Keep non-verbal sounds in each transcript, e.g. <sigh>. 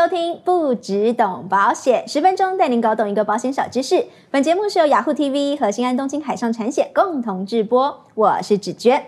收聽不芷懂保險，十分鐘帶您搞懂一個保險小知識。本節目是由 Yahoo TV 和新安東京海上產險共同制播。我是芷娟。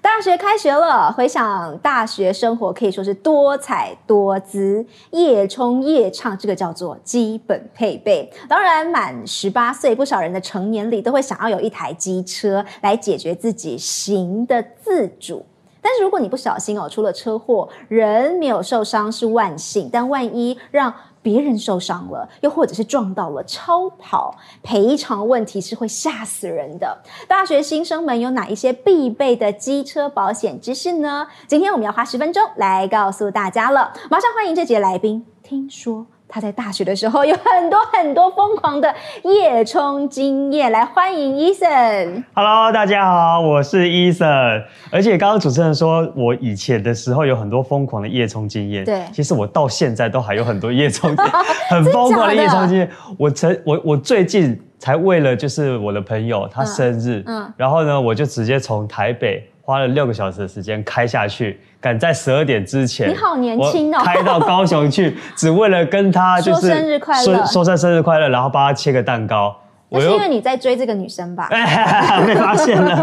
大學開學了，回想大學生活可以說是多彩多姿，夜衝夜唱，這個叫做基本配備。當然，滿十八歲，不少人的成年禮都會想要有一台機車來解決自己行的自主。但是如果你不小心哦，出了車禍，人沒有受傷是萬幸，但萬一讓別人受傷了，又或者是撞到了超跑，賠償問題是會嚇死人的。大學新生們有哪一些必備的機車保險知識呢？今天我們要花十分鐘來告訴大家了。馬上歡迎這集的來賓，聽說。他在大學的時候有很多很多瘋狂的夜衝經驗，來歡迎 Eason。Hello，大家好，我是 Eason。而且剛剛主持人說我以前的時候有很多瘋狂的夜衝經驗。對，其實我到現在都還有很多夜衝經驗， <laughs> 哦、很瘋狂的夜衝經驗。我曾我我最近才為了就是我的朋友他生日，嗯，嗯然後呢，我就直接從台北。花了六個小時的時間開下去，趕在十二點之前。你好年輕哦！開到高雄去， <laughs> 只為了跟他就是說生日快樂，說聲生日快樂，然後幫他切個蛋糕。我那是因為你在追這個女生吧？欸、沒發現了。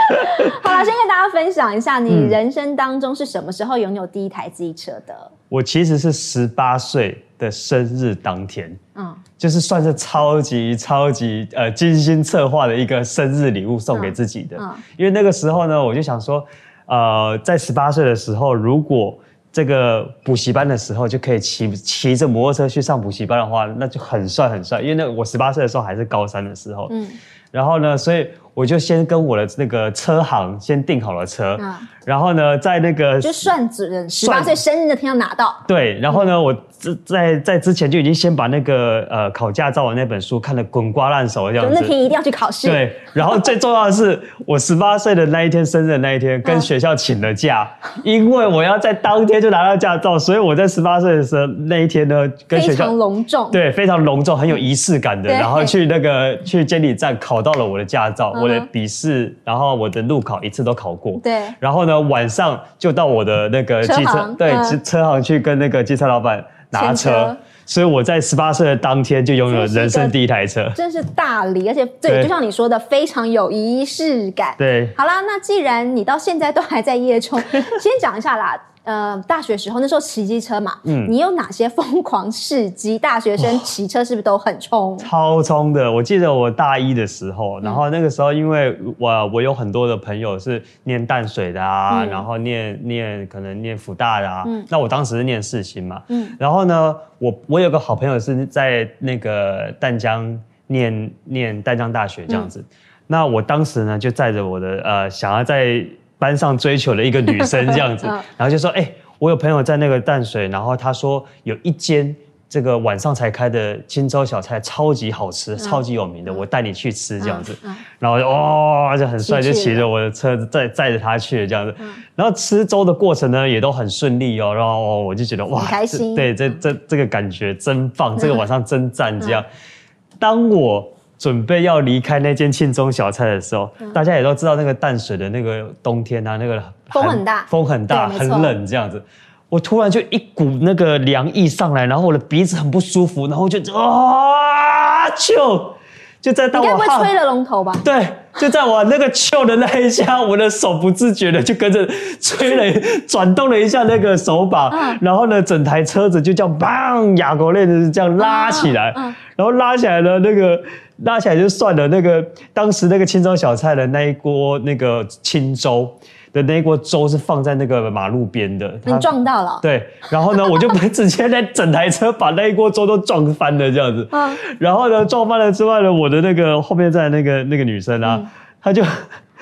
<laughs> 好了，先跟大家分享一下，你人生當中是什麼時候擁有第一台機車的，嗯？我其實是十八歲的生日當天，嗯，就是算是超級超級呃精心策劃的一個生日禮物送給自己的。嗯嗯、因為那個時候呢，我就想說，呃，在十八歲的時候，如果這個補習班的時候，就可以騎騎着摩托車去上補習班的話，那就很帥很帥。因為那我十八歲的時候還是高三的時候，嗯，然後呢，所以。我就先跟我的那個車行先訂好了車，嗯、然後呢，在那個就算子人十八歲生日那天要拿到。對，然後呢，嗯、我在在在之前就已經先把那個呃考駕照的那本書看得滾瓜爛熟的樣子，就那天一定要去考試。對，然後最重要的是， <laughs> 我十八歲的那一天生日的那一天，跟學校請了假，因為我要在當天就拿到駕照，所以我在十八歲的時候那一天呢，跟學校隆重，對，非常隆重，對，非常隆重，很有儀式感的，對然後去那個嘿去監理站考到了我的駕照。嗯我的筆試，然後我的路考一次都考過。對。然後呢，晚上就到我的那個機車，車行對，呃、車行去跟那個機車老闆拿車。車所以我在十八歲的當天就擁有人生第一台車，真是，是大禮，而且對，對就像你說的，非常有儀式感。對。好啦，那既然你到現在都還在夜衝， <laughs> 先講一下啦。呃，大學時候那時候騎機車嘛，嗯、你有哪些瘋狂事蹟？大學生騎車是不是都很衝、啊哦？超衝的！我記得我大一的時候，嗯、然後那個時候因為我我有很多的朋友是念淡水的啊，嗯、然後念念可能念輔大的啊，嗯、那我當時是念世新嘛，嗯、然後呢，我我有個好朋友是在那個淡江念念淡江大學這樣子，嗯、那我當時呢就載着我的呃想要在。班上追求的一個女生這樣子，然後就說：“哎、欸，我有朋友在那個淡水，然後他說有一間這個晚上才開的清粥小菜，超級好吃，嗯、超級有名的，嗯、我帶你去吃這樣子。嗯”嗯、然後就哇、哦，就很帥，騎就騎着我的車子載載着他去這樣子。然後吃粥的過程呢也都很順利哦、喔，然後我就覺得哇開心，對，這這這個感覺真棒，這個晚上真讚。這樣，嗯嗯、當我。準備要離開那間慶中小菜的時候，嗯、大家也都知道那個淡水的那個冬天啊，那個很風很大，風很大，對很冷這樣子。錯我突然就一股那個涼意上來，然後我的鼻子很不舒服，然後就啊、哦，就就在你會不會吹了龍頭吧、啊？對，就在我那個嗅的那一下， <laughs> 我的手不自覺的就跟着吹了，轉 <laughs> 動了一下那個手把，嗯、然後呢，整台車子就這樣邦，雅閣類的這樣、嗯、拉起來，嗯嗯、然後拉起來呢，那個。拉起來就算了。那個當時那個清粥小菜的那一鍋那個清粥的那一鍋粥是放在那個馬路邊的，他撞到了。對，然後呢， <laughs> 我就直接在整台車把那一鍋粥都撞翻了這樣子。啊、然後呢，撞翻了之外呢，我的那個後面站的那個那個女生啊，嗯、她就。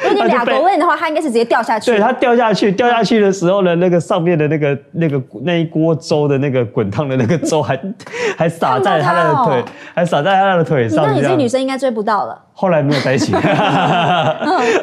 如果你倆狗問的話，他應該是直接掉下去。對，他掉下去，掉下去的時候呢，那個上面的那個那個那一鍋粥的那個滾燙的那個粥還還灑在他的腿，還灑在他的腿上。那樣，你這女生應該追不到了。後來沒有在一起，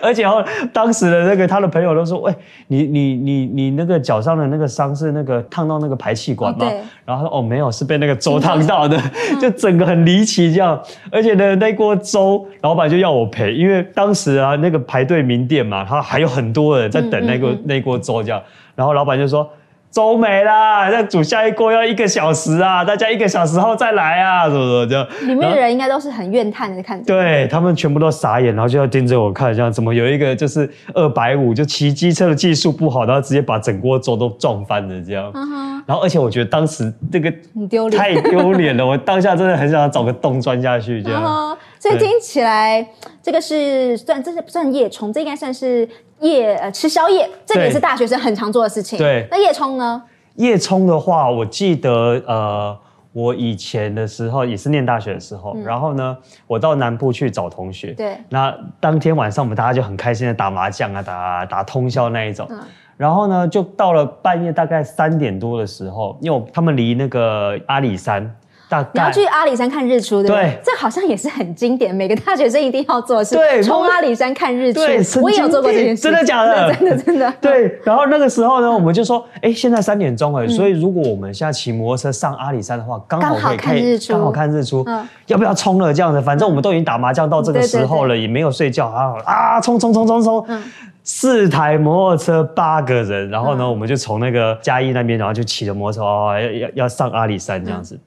而且後當時的那個他的朋友都說，喂，你你你你那個腳上的那個傷是那個燙到那個排氣管嗎？然後他說，哦，沒有，是被那個粥燙到的，就整個很離奇這樣。而且呢，那鍋粥老闆就要我賠，因為當時啊那個排。對名店嘛，然後還有很多人在等那個、嗯嗯嗯、那鍋粥，這樣。然後老闆就說粥沒了，再煮下一鍋要一個小時啊，大家一個小時後再來啊，怎麼怎麼這樣。裡面的人後應該都是很怨嘆的，看。對，他們全部都傻眼，然後就要盯着我看，這樣。怎麼有一個就是二百五，就騎機車的技術不好，然後直接把整鍋粥都撞翻了，這樣。啊、哈然後而且我覺得當時那個很丟臉，太丟臉了，我當下真的很想要找個洞鑽下去，這樣。所以聽起來，對這個是算這是不算夜衝，這應該算是夜呃吃宵夜，對這也是大學生很常做的事情。對，那夜衝呢？夜衝的話，我記得呃，我以前的時候也是念大學的時候，嗯、然後呢，我到南部去找同學，對，那當天晚上我們大家就很開心的打麻將啊，打打通宵那一種。嗯、然後呢，就到了半夜大概三點多的時候，因為我，他們離那個阿里山。大哥，你要去阿里山看日出對，對。這好像也是很經典，每個大學生一定要做的事。對，衝阿里山看日出，我也有做過這件事，真的假的？真的真的。對，然後那個時候呢，我們就說，哎，現在三點鐘哎，所以如果我們現在騎摩托車上阿里山的話，剛好可以，剛好看日出。嗯。要不要衝了？這樣子，反正我們都已經打麻將到這個時候了，也沒有睡覺，然後啊，衝衝衝衝衝，四台摩托車，八個人，然後呢，我們就從那個嘉義那邊，然後就騎着摩托車要要要上阿里山這樣子。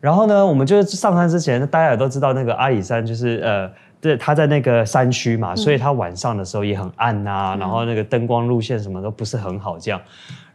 然後呢，我們就是上山之前，大家也都知道那個阿里山就是呃，對，他在那個山區嘛，所以他晚上的時候也很暗啊，嗯、然後那個燈光路線什麼都不是很好，這樣。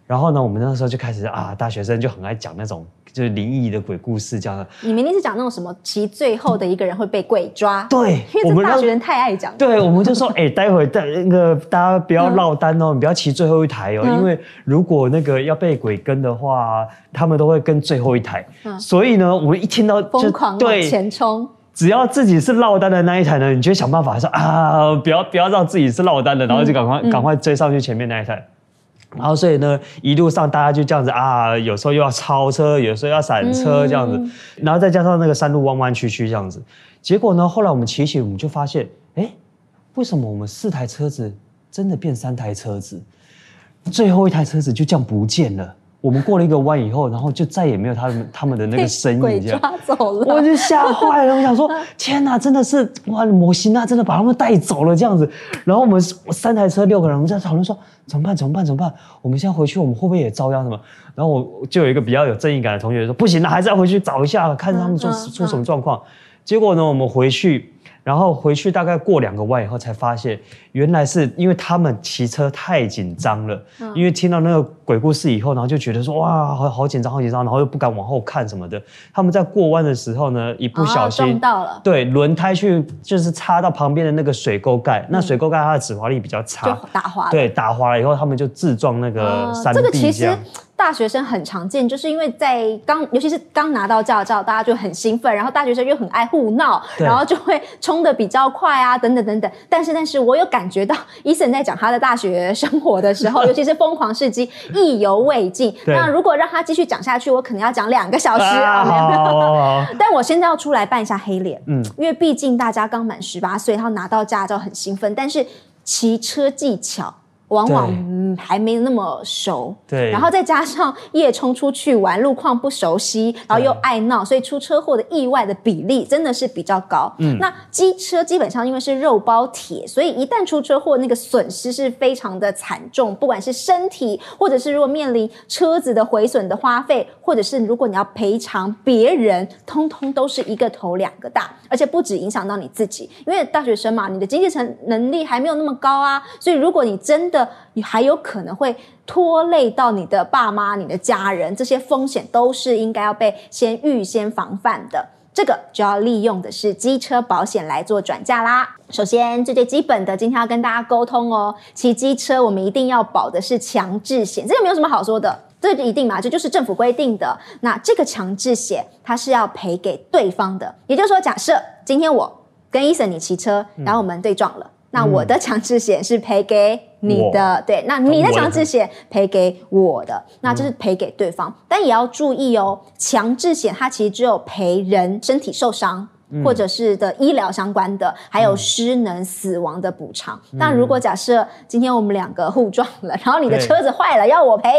然後呢，我們那時候就開始啊，大學生就很愛講那種就是靈異的鬼故事，這樣的。你明明是講那種什麼騎最後的一個人會被鬼抓。對，因為這大學生太愛講了。對，我們就說，哎、 <laughs> 欸，待會兒那個大家不要落單哦，嗯、你不要騎最後一台哦，嗯、因為如果那個要被鬼跟的話，他們都會跟最後一台。嗯、所以呢，我們一聽到瘋狂往前衝。對，只要自己是落單的那一台呢，你就想辦法說啊，不要不要讓自己是落單的，然後就趕快、嗯嗯、趕快追上去前面那一台。然後，所以呢，一路上大家就這樣子啊，有時候又要超車，有時候要閃車這樣子。嗯、然後再加上那個山路彎彎曲曲這樣子，結果呢，後來我們騎行，我們就發現，哎，為什麼我們四台車子真的變三台車子，最後一台車子就這樣不見了？我們過了一個彎以後，然後就再也沒有他們他們的那個身影，這樣走了，我就嚇壞了。 <laughs> 我想說，天哪，真的是哇，魔神仔真的把他們帶走了這樣子。然後我們三台車六個人，我們在討論說怎麼辦，怎麼辦，怎麼辦？我們現在回去，我們會不會也遭殃什麼？然後我就有一個比較有正義感的同學說，不行了、啊，還是要回去找一下，看他們出、嗯、出什麼狀況。嗯嗯嗯、結果呢，我們回去。然後回去大概過兩個彎以後，才發現原來是因為他們騎車太緊張了。嗯、因為聽到那個鬼故事以後，然後就覺得說哇，好好緊張，好緊張，然後又不敢往後看什麼的。他們在過彎的時候呢，一不小心、啊、撞到了。對，輪胎去就是擦到旁邊的那個水溝蓋，嗯、那水溝蓋它的止滑力比較差，打滑。對，打滑了以後，他們就自撞那個山壁、呃、這樣。大學生很常見，就是因為在剛，尤其是剛拿到駕照，大家就很興奮。然後大學生又很愛胡鬧，對然後就會衝得比較快啊，等等等等。但是，但是我有感覺到伊、e、森在講他的大學生活的時候， <laughs> 尤其是瘋狂事蹟，意猶未盡。對那如果讓他繼續講下去，我可能要講兩個小時啊。但我現在要出來扮一下黑臉，嗯，因為畢竟大家剛滿十八歲，他拿到駕照很興奮，但是騎車技巧，往往對、嗯、還沒那麼熟，對，然後再加上夜衝出去玩，路況不熟悉，然後又愛鬧，對所以出車禍的意外的比例真的是比較高。嗯，那機車基本上因為是肉包鐵，所以一旦出車禍，那個損失是非常的慘重，不管是身體，或者是如果面臨車子的毀損的花費，或者是如果你要賠償別人，通通都是一個頭兩個大，而且不止影響到你自己，因為大學生嘛，你的經濟成能力還沒有那麼高啊，所以如果你真的你還有可能會拖累到你的爸媽、你的家人，這些風險都是應該要被先預先防範的。這個就要利用的是機車保險來做轉嫁啦。首先，這最，最基本的，今天要跟大家溝通哦，騎機車我們一定要保的是強制險，這個沒有什麼好說的，這一定嘛，這就是政府規定的。那這個強制險它是要賠給對方的，也就是說，假設今天我跟伊森你騎車，嗯，然後我們對撞了。那我的強制險是賠給你的，對，那你的強制險賠給我的，那就是賠給對方。嗯、但也要注意哦，強制險它其實只有賠人身體受傷，嗯、或者是的醫療相關的，還有失能、死亡的補償。但、嗯、如果假設今天我們兩個互撞了，然後你的車子壞了嘿要我賠，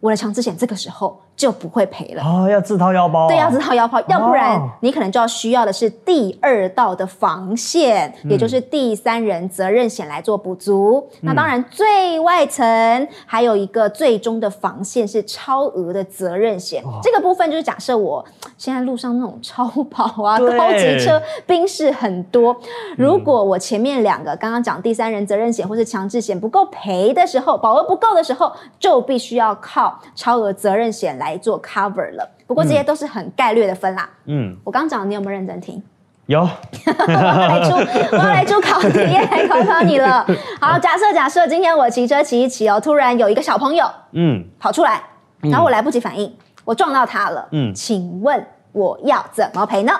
我的強制險這個時候。就不會賠了啊、哦！要自掏腰包。啊，對，要自掏腰包，哦，要不然你可能就要需要的是第二道的防線，嗯、也就是第三人責任險來做補足。嗯、那當然，最外層還有一個最終的防線是超額的責任險，哦，這個部分就是假設我。現在路上那種超跑啊、高對級車、賓士很多。如果我前面兩個剛剛講第三人責任險或是強制險不夠賠的時候，保額不夠的時候，就必須要靠超額責任險來做 cover 了。不過這些都是很概略的分啦。嗯，我剛講，你有沒有認真聽？有。 <laughs> 我要來出，我要來出考題， <laughs> 來考考你了。好，假設假設今天我騎車騎一騎哦，突然有一個小朋友嗯跑出來，嗯、然後我來不及反應。我撞到他了，嗯，請問我要怎麼賠呢？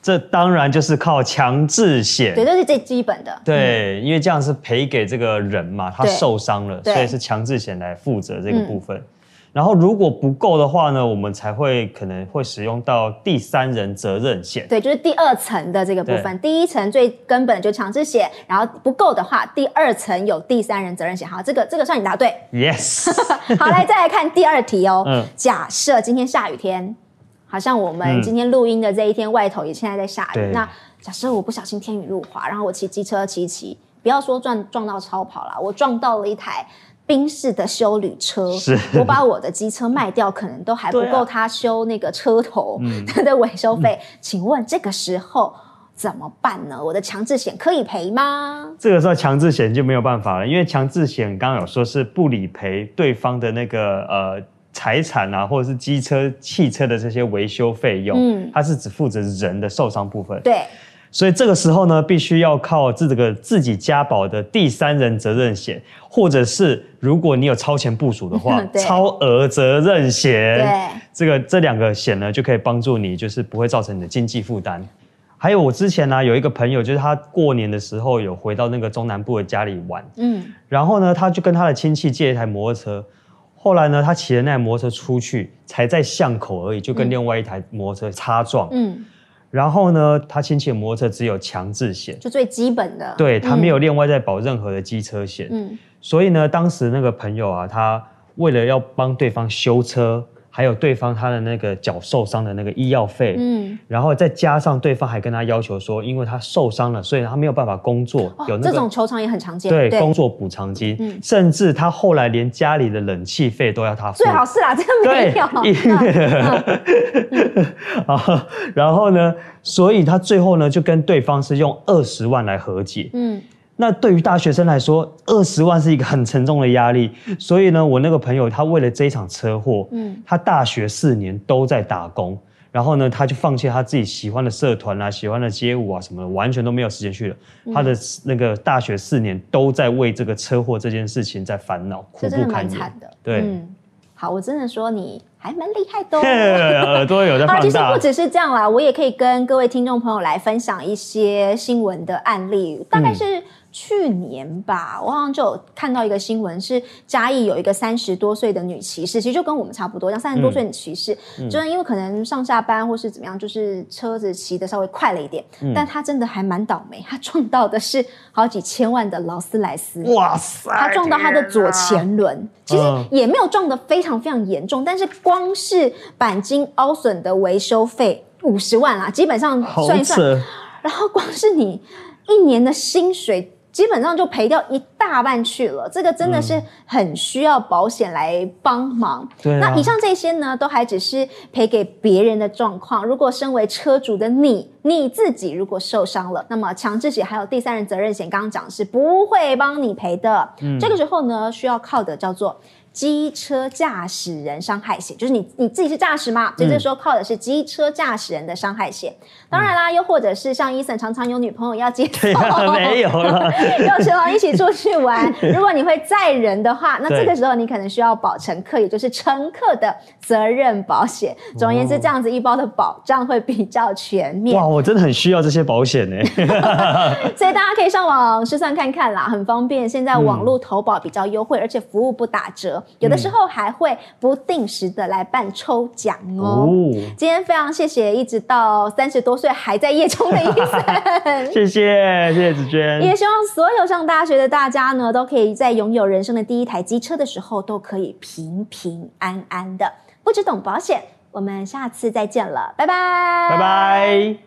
這當然就是靠強制險，對，這、就是最基本的，對，嗯、因為這樣是賠給這個人嘛，他受傷了，對所以是強制險來負責這個部分。對嗯然後如果不夠的話呢，我們才會可能會使用到第三人責任險。對，就是第二層的這個部分。對第一層最根本就強制險，然後不夠的話，第二層有第三人責任險。哈，這個這個算你答對。Yes。 <laughs> 好，來再來看第二題哦。 <laughs> 嗯。假設今天下雨天，好像我們今天錄音的這一天外頭也現在在下雨。嗯、那假設我不小心天雨路滑，然後我騎機車騎騎，不要說撞撞到超跑啦，我撞到了一台。賓士的休旅車，是我把我的機車賣掉，可能都還不夠他修那個車頭他的維修費。啊、嗯、請問這個時候怎麼辦呢？我的強制險可以賠嗎？這個時候強制險就沒有辦法了，因為強制險剛剛有說是不理賠對方的那個呃財產啊，或者是機車、汽車的這些維修費用，嗯，它是只負責人的受傷部分，對。所以這個時候呢，必須要靠這個自己加保的第三人責任險，或者是如果你有超前部署的話， <laughs> 對超額責任險對、這個，這兩個這兩個險呢，就可以幫助你，就是不會造成你的經濟負擔。還有我之前呢、啊，有一個朋友，就是他過年的時候有回到那個中南部的家裡玩，嗯，然後呢，他就跟他的親戚借一台摩托車，後來呢，他騎的那台摩托車出去，才在巷口而已，就跟另外一台摩托車擦撞，嗯。嗯然後呢，他親戚的摩托車只有強制險，就最基本的，對，他沒有另外再保任何的機車險。嗯，所以呢，當時那個朋友啊，他為了要幫對方修車。還有對方他的那個腳受傷的那個醫藥費，嗯，然後再加上對方還跟他要求說，因為他受傷了，所以他沒有辦法工作，哦、有那個、這種求償也很常見，對，對，工作補償金，嗯，甚至他後來連家裡的冷氣費都要他付，最好是啊，這個沒有，啊，然後呢，所以他最後呢就跟對方是用二十萬來和解，嗯。那對於大學生來說，二十萬是一個很沉重的壓力。所以呢，我那個朋友他為了這一場車禍，嗯，他大學四年都在打工，然後呢，他就放棄他自己喜歡的社團啊、喜歡的街舞啊什麼的，完全都沒有時間去了。嗯、他的那個大學四年都在為這個車禍這件事情在煩惱，苦不堪言。這真的蠻慘的。對、嗯，好，我真的說你還蠻厲害的、喔。Yeah, 耳朵有在發燒。 <laughs> 其實不只是這樣啦，我也可以跟各位聽眾朋友來分享一些新聞的案例，大概是、嗯。去年吧，我好像就有看到一個新聞，是嘉義有一個三十多歲的女騎士，其實就跟我們差不多，像三十多歲的騎士，嗯嗯、就是因為可能上下班或是怎麼樣，就是車子騎的稍微快了一點，嗯、但她真的還蠻倒霉，她撞到的是好幾千萬的勞斯萊斯，哇塞！她撞到她的左前輪，啊、其實也沒有撞的非常非常嚴重，嗯、但是光是鈑金凹損的維修費五十萬啦，基本上算一算，好扯、然後光是你一年的薪水。基本上就賠掉一大半去了，這個真的是很需要保險來幫忙。嗯對啊。那以上這些呢，都還只是賠給別人的狀況。如果身為車主的你，你自己如果受傷了，那麼強制險還有第三人責任險，剛剛講是不會幫你賠的。嗯。這個時候呢，需要靠的叫做。機車駕駛人傷害險，就是你你自己是駕駛嘛？就是說靠的是機車駕駛人的傷害險。嗯、當然啦，又或者是像 e 生常常有女朋友要接對、啊，沒有了，跟 <laughs> 一起出去玩。 <laughs> 如果你會載人的話，那這個時候你可能需要保乘客，也就是乘客的責任保險。總而言之，這樣子一包的保障會比較全面。哇，我真的很需要這些保險呢、欸。 <laughs> <laughs> 所以大家可以上網試算看看啦，很方便。現在網絡投保比較優惠，嗯、而且服務不打折。有的時候還會不定時的來辦抽獎哦、喔。嗯、今天非常謝謝，一直到三十多歲還在夜衝的 Eason。 <laughs> 謝謝謝謝子娟。也希望所有上大學的大家呢，都可以在擁有人生的第一台機車的時候，都可以平平安安的，不芷懂保險。我們下次再見了，拜拜，拜拜。